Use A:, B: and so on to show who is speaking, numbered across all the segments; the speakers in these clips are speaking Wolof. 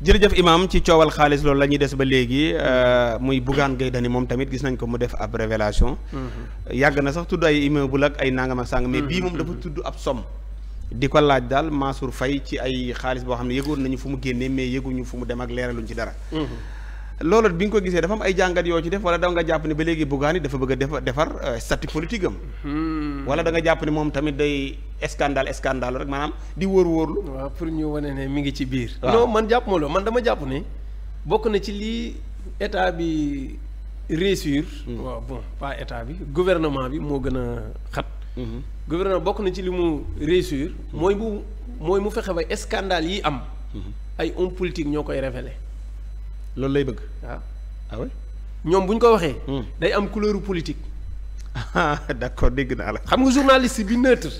A: jërëjëf imam ci coowal xaalis loolu la ñuy des ba léegi euh, muy Bougane Gueye Dany moom tamit gis nañ ko mu def ab révélation mm-hmm. yàgg na sax tudd ay immeuble ak ay nangam ak sàng mais bii moom dafa mm-hmm. tudd ab somme di ko laaj daal Mansour Faye ci ay xaalis boo xam ne yëgoon nañu fu mu génnee mais yëguñu fu mu dem ak leeraluñ ci dara mm-hmm. loolu bi nga ko gisee dafa am ay jàngat yoo ci def wala da nga jàpp ne ba léegi Bougane dafa bëgg a defar euh, statut politique am wala da nga jàpp ne moom tamit day
B: scandale scandale rek maanaam di wóor wóorlu. waaw pour ñu wane ne mi ngi ci biir. non man jàpp ma man dama jàpp ne bokk na ci lii état bi réussir. Hmm. waaw bon pas état bi gouvernement bi moo gën a xat. Hmm. gouvernement bokk na ci li mu réussir. Hmm. mooy mu mooy mu fexe ba scandale yi am. ay hommes politiques ñoo koy révélé. loolu lay bëgg. waaw ah, ah ñoom bu ñu ko waxee. day am couleur politique. d'accord dégg naa la. xam nga journaliste bi neutre.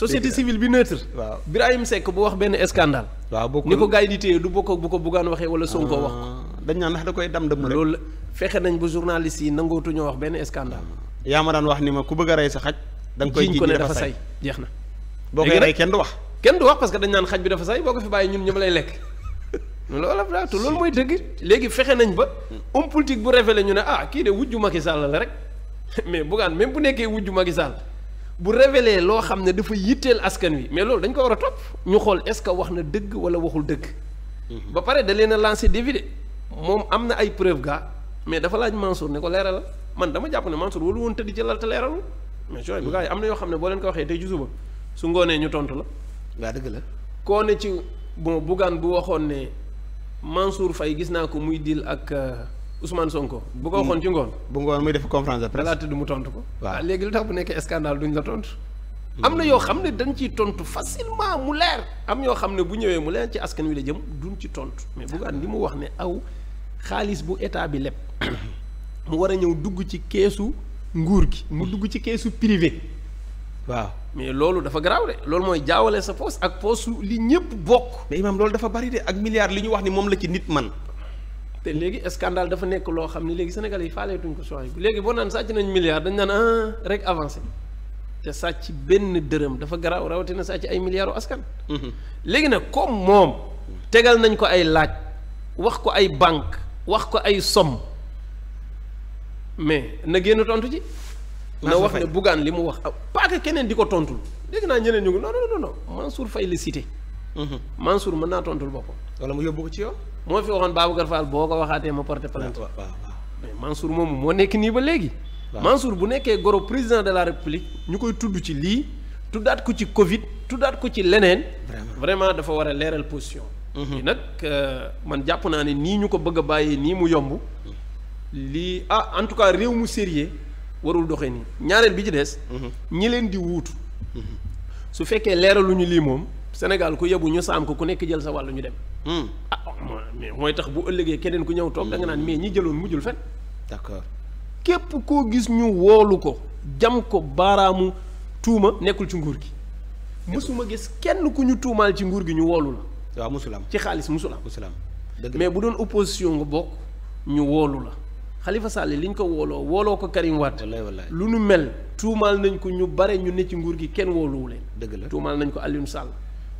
B: société civile bi neutre. waaw Birahim Seck bu wax benn scandale. waaw bokkul ni ko gars yi di téye du bokk ak bu ko buggaan waxee wala Sonko ah, wax ko. dañ naan ndax da koy dam dam rek loolu fexe nañ bu journaliste yi nangootuñoo wax benn scandale.
A: yaa ma daan wax ni ma ku bëgg a rey sa xaj. da koy jiñ ko ne dafa say
B: jeex na. boo koy rey kenn du wax. kenn du wax parce que dañ naan xaj bi dafa say boo ko fi bàyyi ñun ñoom lay lekk. loolu daatu loolu mooy dëgg. léegi fexe nañ ba homme politique bu révélé ñu ne ah kii de wujju Macky Sall la rek mais bugaan même bu nekkee wujju Macky Sall bu révélé loo xam ne dafa yitteel askan wi mais loolu dañ ko war a topp ñu xool est que wax na dëgg walla waxul dëgg. Mhm. ba pare da leen a lancé défi de moom am na ay preuve ga mais dafa laaj Mansour ne ko leeralal man dama jàpp ne Mansour walu woon tëdd ci lal te leeralul mais sooy mhm. bu am na yoo xam ne ko waxee tey ci suba su ñu tontu la. waaw dëgg la koo ne ci bon Bougane bu waxoon ne Mansour fay gis naa ko muy deal ak. Euh, Ousmane Sonko. bu ko hmm. waxoon ci ngoon. bu ngoon muy def conférence de presse. balaa tëdd mu tontu ko. waaw léegi lu tax bu nekkee scandale duñ la tontu. Hmm. am na yoo xam ne dañ ciy tontu facilement mu leer. am yoo xam ne bu ñëwee mu leer ci askan wi la jëm duñ ci tontu. mais Bougane li mu wax ne aw xaalis bu état bi leb mu war a ñëw dugg ci keesu nguur gi. mu dugg ci keesu privé. waaw mais loolu dafa garaaw de loolu mooy jaawale sa poos ak poosu li ñëpp bokk. mais imam loolu dafa bari ak milliard li ñu wax ni moom la ci nit man te léegi scandale dafa nekk loo xam ne léegi Sénégal yi faaleetuñ ko soxla léegi boo naan sàcc nañ milliard dañ naan ah rek avancé te sàcc benn dërëm dafa garaaw rawatina sàcc ay milliards askan. Mhm. léegi nag comme moom tegal nañ ko ay laaj wax ko ay banque wax ko ay somme mais na génn tontu ci. na wax ne Bougane li mu wax. ah pas que keneen di ko tontul dégg naa ñeneen ñu ngi non non non Mansour Faye la cité. Mhm. Mansour mën naa tontul boppam. wala mu yóbbu ko ci yow. moo fi waxoon Babacar Fall boo ko waxaatee ma porté plainte. waaw mais moo nekk nii ba léegi. Mansour bu nekkee goro président de la République ñu koy tudd ci lii tuddaat ko ci Covid tuddaat ko ci leneen. vraiment dafa war a leeral position. yi mhm. nag euh, man jàpp naa ne nii ñu ko bëgg a bàyyee nii mu yomb. lii ah en tout cas réew mu sérieux warul doxee nii ñaareel bi ci des. Mhm. ñi leen di wuutu. su fekkee leeraluñu Sénégal ku yebu ñu saam ko ku nekk jël sa wàll ñu dem. Hmm. ah oh, mais mooy tax bu ëllëgee keneen ku ñëw toom da nga naan mais ñi jëloon mujjul fen d'accord képp koo gis ñu woolu ko jam ko baaraamu tuuma nekkul ci nguur gi. mësuma gis kenn ku ñu tuumaal ci nguur gi ñu woolu la. waaw musulam ci xaalis musulam musulam mais bu doon opposition nga bokk ñu woolu la. xalifa Sall li ñu ko wooloo wooloo ko Karim Wade. lu nu mel tuumaal nañ ko ñu bare ñu ne ci nguur gi kenn wooluwu leen. dëgg nañ ko Alioune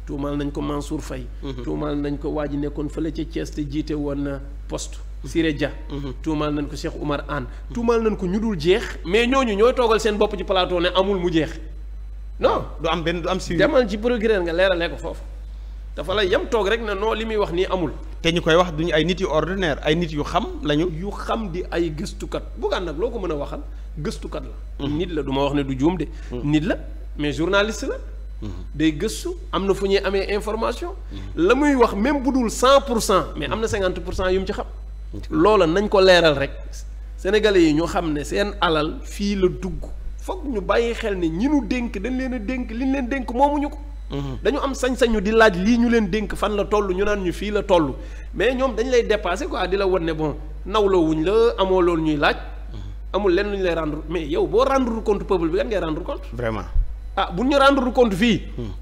B: tuumaal nañ ko Mansour Faye mhm. tuumaal nañ ko waa ji nekkoon fële ca Thiès te jiite woon na euh, poste Siré Dia mhm. tuumaal nañ ko Cheikh Oumar Anne tuumaal nañ ko ñu dul jeex mais ñooñu ñooy toogal seen bopp ci plateau ne amul mu jeex non du am benn du am suivi demal ci procureur nga leeralee ko foofu dafa la yam toog rek ne noo li muy wax nii amul te ñu koy wax du ñu ay nit yu ordinaire ay nit yu xam lañu yu xam di ay gëstukat buggaan nag loo ko mën a waxal gëstukat la mhm. nit ma wax ne du juum de la de gëstu am na fu ñuy amee information. la muy wax même bu dul cent pour cent mais am na cinquante pour cent yu mu ci xam. loola nañ ko leeral rek sénégalais yi ñu xam ne seen alal fii la dugg foog ñu bàyyi xel ne ñi nu dénk dañ leen a dénk li ñu leen dénk moomuñu ko. dañu am sañ-sañu di laaj lii ñu leen dénk fan la toll ñu naan ñu fii la toll mais ñoom dañ lay dépassé quoi di la wan ne bon nawloo wuñ la amoo loolu ñuy laaj. amul lenn lu ñu lay rendre mais yow boo rendre compte peuple bi kan ngay rendre compte. vraiment. ah bu ñu rendre compte fii. Hmm.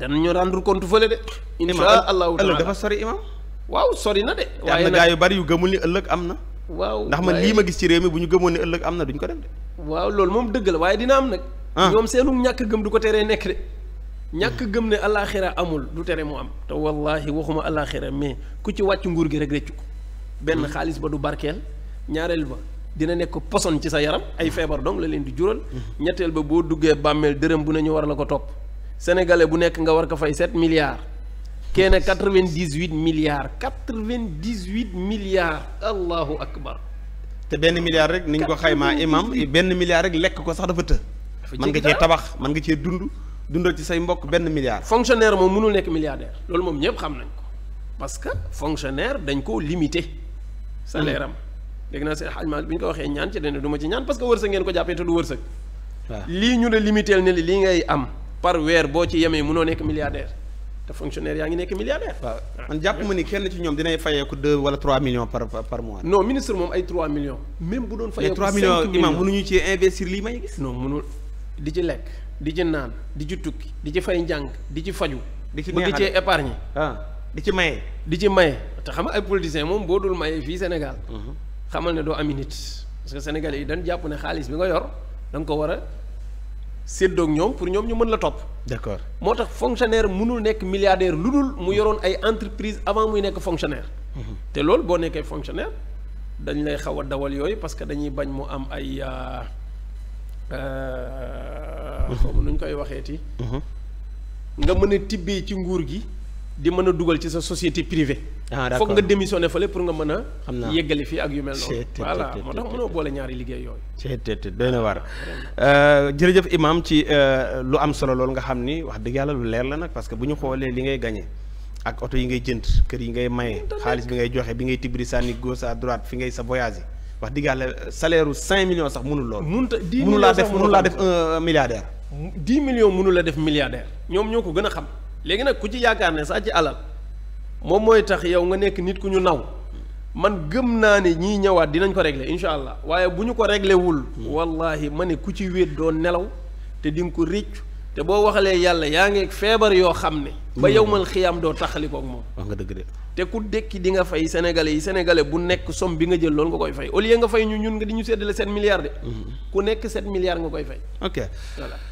B: danañu rendre compte fële de. incha allahu taala dafa sori imam waaw sori na de. waaye nag yu
A: bari yu gëmul ni ëllëg am na.
B: waaw ndax man lii ma
A: gis ci réew mi bu ñu gëmoon ni ëllëg
B: am na duñ ko dem de. waaw loolu moom dëgg la waaye dina am nag. Ah. ñoom seenu ñàkk gëm du ko teree nekk de. ñàkk hmm. gëm ne alaxira amul du tere mu am te wallahi waxuma alaxira mais ku ci wàcc nguur gi rek réccu benn hmm. xaalis ba du barkeel ñaareel ba dina nekk poson ci sa yaram ay feebar donc la leen di jural ñetteel ba boo duggee bàmmeel dërëm bu ne ñu war la ko topp sénégalais bu nekk nga war ko fay sept milliards kenn quatre-vingt-dix-huit milliards quatre-vingt-dix-huit milliards allahu akbar te benn milliard rek ni ñu ko xaymaa imam
A: benn milliard rek lekk ko sax dafa të
B: mën nga cee tabax
A: mën nga cee dund dundal
B: ci say mbokk benn milliard fonctionnaire moom mënul nekk milliardaire loolu moom ñëpp xam nañ ko parce que fonctionnaire dañ ko limité salaire am dégg naa seen xajma bi ñu ko waxee ñaan ci dene du ma ci ñaan parce que wërsëg ngeen ko jàppee te du wërsëg lii ñu la limiteel ne lii ngay am par weer boo ci yemee mënoo nekk milliardaire te fonctionnaire yaa ngi nekk milliardaire. waaw ah. man jàpp ma ni kenn ci ñoom dinay fayeeku deux wala trois millions par par mois. non ministre moom ay trois millions. même bu doon fayeeku cinq millions mais trois millions imam mënuñu ci investir lii may gis. non mënul di ci lekk di ci naan di ci tukki di ci fay njàng di ci faju di ci bëgg cee épargne. ah di ci maye. di ci maye te xam nga ay politiciens moom boo dul maye fii Sénégal. Mhm. xamal ne doo ami nit parce que sénégalais yi dañ jàpp ne xaalis bi nga yor danga ko war a séddoog ñoom pour ñoom ñu mën la topp. d'accord moo tax fonctionnaire mënul nekk milliardaire lu dul mu yoroon ay entreprise avant muy nekk fonctionnaire. Mhm. te loolu boo nekkee fonctionnaire dañ lay xaw a dawal yooyu parce que dañuy bañ mu am ay. Euh, euh, mhm. xaw ma nu ñu koy waxeeti. Mhm. nga mën a tibbee ci nguur gi. di mën a dugal ci sa société privée. ah d'accord foog nga démissionné fële pour nga mën a. xam naa yeggali fii ak yu mel noonu. voilà moo tax mënoo boole ñaari liggéey yooyu.
A: c'est doy na waar ah, euh, jërëjëf Imaam ci euh, lu am solo loolu nga xam ni wax dëgg yàlla leer la nag parce que bu ñu xoolee li ngay gagné. ak yi ngay jënd kër yi ngay maye xaalis bi ngay joxe bi ngay tibri sànni gauche à droite fi ngay sa voyage wax dëgg yàlla salaire ru sax
B: mënul lool. mënut a 10 millions laa def mënul laa def un milliardaire. 10 millions mënul la def milliardaire ñoom ñoo ko gën a xam. léegi nag ku ci yaakaar ne sàcc alal moom mooy tax yow nga nekk nit ku ñu naw man gëm naa ne ñii ñëwaat dinañ ko régler incha allah waaye bu ñu ko régler wul. wallahi ma ne ku ci wéet doo nelaw te di nga ko rëcc te boo waxalee yàlla yaa ngi feebar yoo xam ne. ba hmm. yowmal xiyaam doo taxalikook moom. wax nga dëgg te ku dekki di nga fay sénégalais yi sénégalais bu nekk somme bi nga jël loolu nga koy fay au lieu nga fay ñu ñun nga di ñu séddale sept milliards de. Hmm. ku nekk sept milliards nga koy fay.
A: ok voilà.